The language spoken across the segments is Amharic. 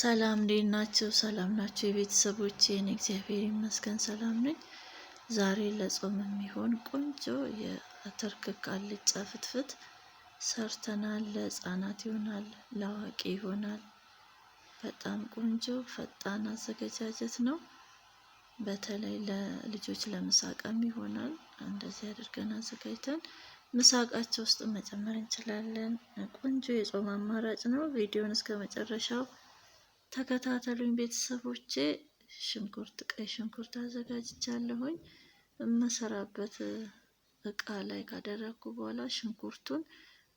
ሰላም እንዴት ናቸው? ሰላም ናቸው የቤተሰቦቼ? እኔ እግዚአብሔር ይመስገን ሰላም ነኝ። ዛሬ ለጾም የሚሆን ቆንጆ የአተርክክ አልጫ ፍትፍት ሰርተናል። ለህፃናት ይሆናል፣ ለአዋቂ ይሆናል። በጣም ቆንጆ ፈጣን አዘገጃጀት ነው። በተለይ ለልጆች ለምሳቃም ይሆናል። እንደዚህ አድርገን አዘጋጅተን ምሳቃቸው ውስጥ መጨመር እንችላለን። ቆንጆ የጾም አማራጭ ነው። ቪዲዮን እስከ መጨረሻው ተከታተሉኝ ቤተሰቦቼ። ሽንኩርት ቀይ ሽንኩርት አዘጋጅቻለሁኝ የምሰራበት እቃ ላይ ካደረግኩ በኋላ ሽንኩርቱን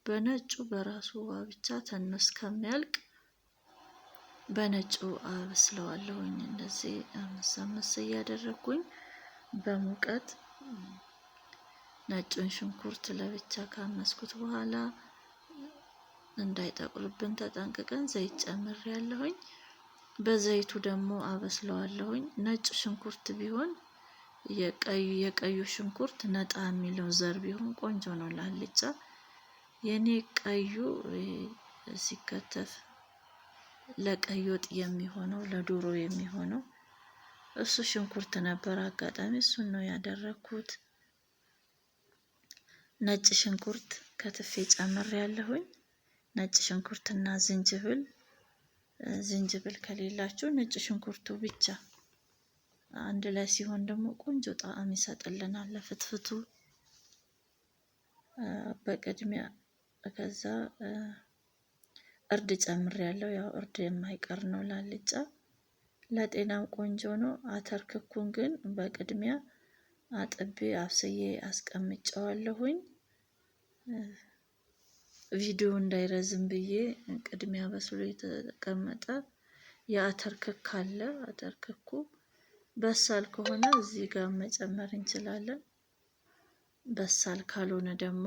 በነጩ በራሱ ውሃ ብቻ ተኖ እስከሚያልቅ በነጩ አበስለዋለሁኝ። እንደዚህ አምስት እያደረግኩኝ በሙቀት ነጩን ሽንኩርት ለብቻ ካመስኩት በኋላ እንዳይጠቁርብን ተጠንቅቀን ዘይት ጨምሬ ያለሁኝ። በዘይቱ ደግሞ አበስለዋለሁኝ። ነጭ ሽንኩርት ቢሆን የቀዩ የቀዩ ሽንኩርት ነጣ የሚለው ዘር ቢሆን ቆንጆ ነው ላልጫ። የኔ ቀዩ ሲከተፍ ለቀይ ወጥ የሚሆነው ለዶሮ የሚሆነው እሱ ሽንኩርት ነበር። አጋጣሚ እሱን ነው ያደረኩት። ነጭ ሽንኩርት ከትፌ ጨምር ያለሁኝ። ነጭ ሽንኩርትና ዝንጅብል ዝንጅብል ከሌላችሁ ነጭ ሽንኩርቱ ብቻ አንድ ላይ ሲሆን ደግሞ ቆንጆ ጣዕም ይሰጥልናል ለፍትፍቱ። በቅድሚያ ከዛ እርድ ጨምር ያለው ያው እርድ የማይቀር ነው ላልጫ፣ ለጤናም ቆንጆ ነው። አተርክኩን ግን በቅድሚያ አጥቤ አብስዬ አስቀምጨዋለሁኝ። ቪዲዮ እንዳይረዝም ብዬ ቅድሚያ በስሎ የተቀመጠ የአተር ክክ አለ። አተር ክኩ በሳል ከሆነ እዚህ ጋር መጨመር እንችላለን። በሳል ካልሆነ ደግሞ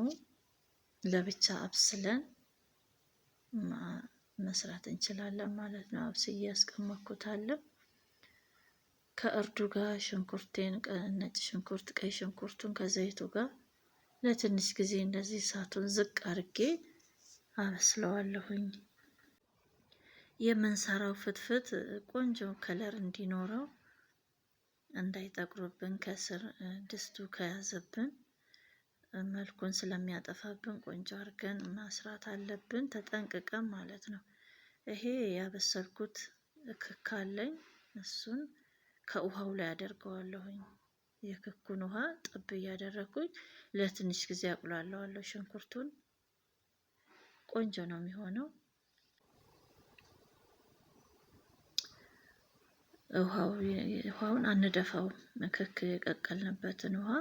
ለብቻ አብስለን መስራት እንችላለን ማለት ነው። አብስዬ ያስቀመጥኩታለሁ። ከእርዱ ጋር ሽንኩርቴን፣ ነጭ ሽንኩርት፣ ቀይ ሽንኩርቱን ከዘይቱ ጋር ለትንሽ ጊዜ እንደዚህ እሳቱን ዝቅ አድርጌ አበስለዋለሁኝ። የምንሰራው ፍትፍት ቆንጆ ከለር እንዲኖረው እንዳይጠቁርብን ከስር ድስቱ ከያዘብን መልኩን ስለሚያጠፋብን ቆንጆ አድርገን ማስራት አለብን ተጠንቅቀን ማለት ነው። ይሄ ያበሰልኩት ክክ አለኝ። እሱን ከውሃው ላይ አደርገዋለሁኝ። የክኩን ውሃ ጥብ እያደረግኩኝ ለትንሽ ጊዜ አቁላለዋለሁ ሽንኩርቱን ቆንጆ ነው የሚሆነው። ውሃውን አንደፋው ምክክ የቀቀልንበትን ውሃ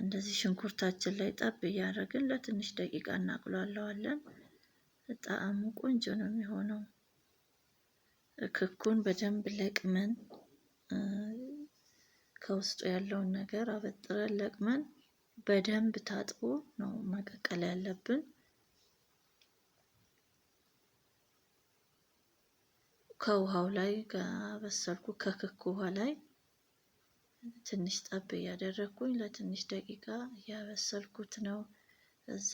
እንደዚህ ሽንኩርታችን ላይ ጠብ እያደረግን ለትንሽ ደቂቃ እናቁላለዋለን። ጣዕሙ ቆንጆ ነው የሚሆነው። ክኩን በደንብ ለቅመን ከውስጡ ያለውን ነገር አበጥረን ለቅመን በደንብ ታጥቦ ነው መቀቀል ያለብን። ከውሃው ላይ ከበሰልኩ ከክክ ውሃ ላይ ትንሽ ጠብ እያደረግኩኝ ለትንሽ ደቂቃ እያበሰልኩት ነው። እዛ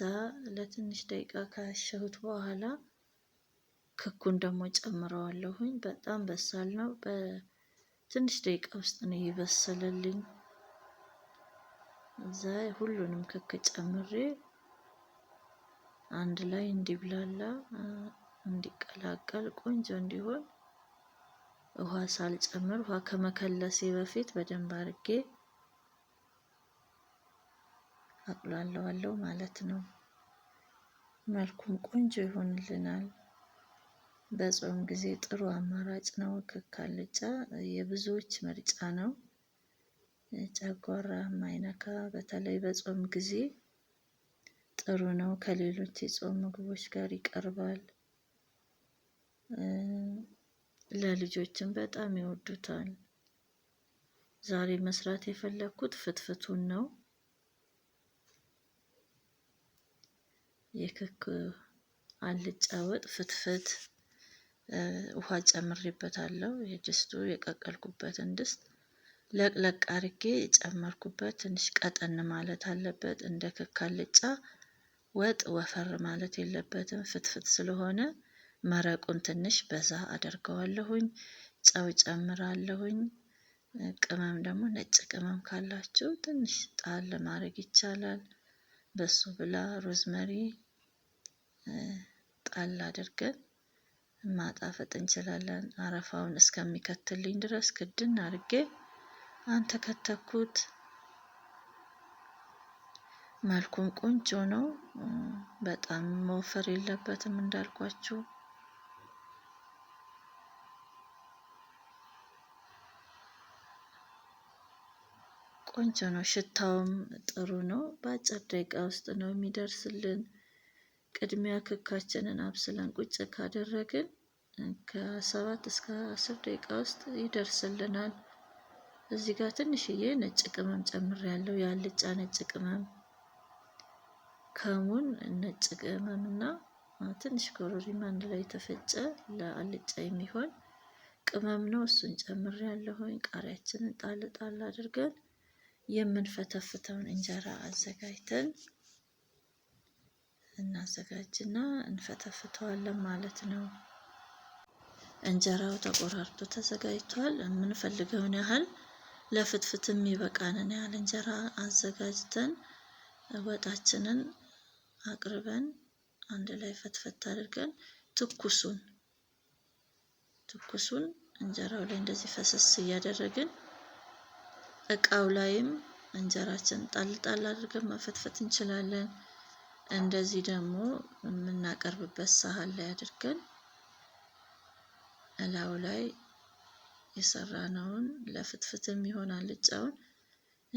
ለትንሽ ደቂቃ ካሸሁት በኋላ ክኩን ደግሞ ጨምረዋለሁኝ። በጣም በሳል ነው። በትንሽ ደቂቃ ውስጥ ነው ይበሰለልኝ። እዛ ሁሉንም ክክ ጨምሬ አንድ ላይ እንዲብላላ እንዲቀላቀል ቆንጆ እንዲሆን ውሃ ሳልጨምር ውሃ ከመከለሴ በፊት በደንብ አርጌ አቁላለዋለሁ ማለት ነው። መልኩም ቆንጆ ይሆንልናል። በጾም ጊዜ ጥሩ አማራጭ ነው። ክክ አልጫ የብዙዎች ምርጫ ነው። ጨጓራ ማይነካ በተለይ በጾም ጊዜ ጥሩ ነው። ከሌሎች የጾም ምግቦች ጋር ይቀርባል። ለልጆችም በጣም ይወዱታል። ዛሬ መስራት የፈለግኩት ፍትፍቱን ነው። የክክ አልጫ ወጥ ፍትፍት ውሃ ጨምሬበታለሁ። የድስቱ የቀቀልኩበትን ድስት ለቅለቅ አርጌ ጨመርኩበት። ትንሽ ቀጠን ማለት አለበት። እንደ ክክ አልጫ ወጥ ወፈር ማለት የለበትም ፍትፍት ስለሆነ መረቁን ትንሽ በዛ አደርገዋለሁኝ። ጨው ጨምራለሁኝ። ቅመም ደግሞ ነጭ ቅመም ካላችሁ ትንሽ ጣል ማድረግ ይቻላል። በሱ ብላ ሮዝመሪ ጣል አድርገን ማጣፈጥ እንችላለን። አረፋውን እስከሚከትልኝ ድረስ ክድን አድርጌ አንተ ከተኩት መልኩም ቆንጆ ነው። በጣም መወፈር የለበትም እንዳልኳችሁ ቆንጆ ነው። ሽታውም ጥሩ ነው። በአጭር ደቂቃ ውስጥ ነው የሚደርስልን። ቅድሚያ ክካችንን አብስለን ቁጭ ካደረግን ከሰባት እስከ አስር ደቂቃ ውስጥ ይደርስልናል። እዚህ ጋር ትንሽዬ ነጭ ቅመም ጨምር ያለው የአልጫ ነጭ ቅመም፣ ከሙን ነጭ ቅመም እና ትንሽ ኮረሪማ አንድ ላይ የተፈጨ ለአልጫ የሚሆን ቅመም ነው። እሱን ጨምር ያለሁኝ ቃሪያችንን ጣል ጣል አድርገን የምንፈተፍተውን እንጀራ አዘጋጅተን እናዘጋጅና እንፈተፍተዋለን ማለት ነው። እንጀራው ተቆራርጦ ተዘጋጅቷል። የምንፈልገውን ያህል ለፍትፍት የሚበቃንን ያህል እንጀራ አዘጋጅተን ወጣችንን አቅርበን አንድ ላይ ፈትፈት አድርገን ትኩሱን ትኩሱን እንጀራው ላይ እንደዚህ ፈሰስ እያደረግን እቃው ላይም እንጀራችን ጣልጣል አድርገን መፈትፈት እንችላለን። እንደዚህ ደግሞ የምናቀርብበት ሳህን ላይ አድርገን እላው ላይ የሰራነውን ለፍትፍትም ይሆን አልጫውን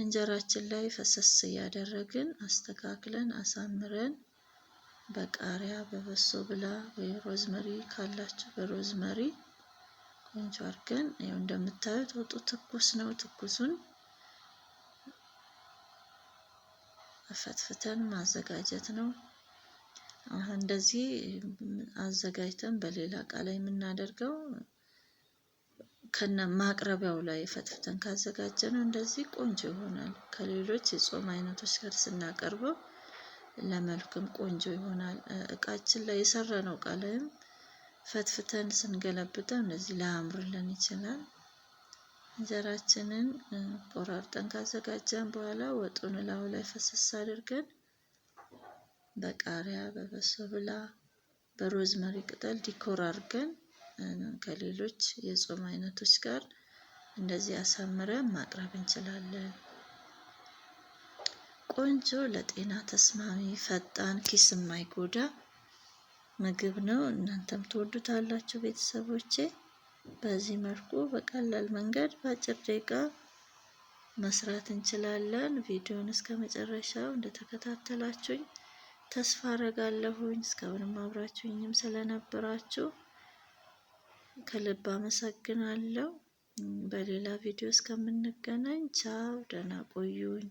እንጀራችን ላይ ፈሰስ እያደረግን አስተካክለን አሳምረን በቃሪያ በበሶ ብላ ወይም ሮዝመሪ ካላችሁ በሮዝመሪ ቆንጆ አድርገን ይኸው እንደምታዩት ወጡ ትኩስ ነው። ትኩሱን ፈትፍተን ማዘጋጀት ነው። እንደዚህ አዘጋጅተን በሌላ እቃ ላይ የምናደርገው ከነ ማቅረቢያው ላይ ፈትፍተን ካዘጋጀ ነው እንደዚህ ቆንጆ ይሆናል። ከሌሎች የጾም አይነቶች ጋር ስናቀርበው ለመልክም ቆንጆ ይሆናል። እቃችን ላይ የሰራነው እቃ ላይም ፈትፍተን ስንገለብጠው እንደዚህ ሊያምርልን ይችላል። እንጀራችንን ቆራርጠን ካዘጋጀን በኋላ ወጡን እላዩ ላይ ፈሰስ አድርገን በቃሪያ፣ በበሶብላ፣ በሮዝመሪ ቅጠል ዲኮር አድርገን ከሌሎች የጾም አይነቶች ጋር እንደዚህ አሳምረን ማቅረብ እንችላለን። ቆንጆ ለጤና ተስማሚ፣ ፈጣን፣ ኪስ የማይጎዳ ምግብ ነው። እናንተም ትወዱታላችሁ ቤተሰቦቼ። በዚህ መልኩ በቀላል መንገድ በአጭር ደቂቃ መስራት እንችላለን። ቪዲዮን እስከ መጨረሻው እንደተከታተላችሁኝ ተስፋ አረጋለሁኝ። እስካሁንም አብራችሁኝም ስለነበራችሁ ከልብ አመሰግናለሁ። በሌላ ቪዲዮ እስከምንገናኝ ቻው፣ ደህና ቆዩኝ።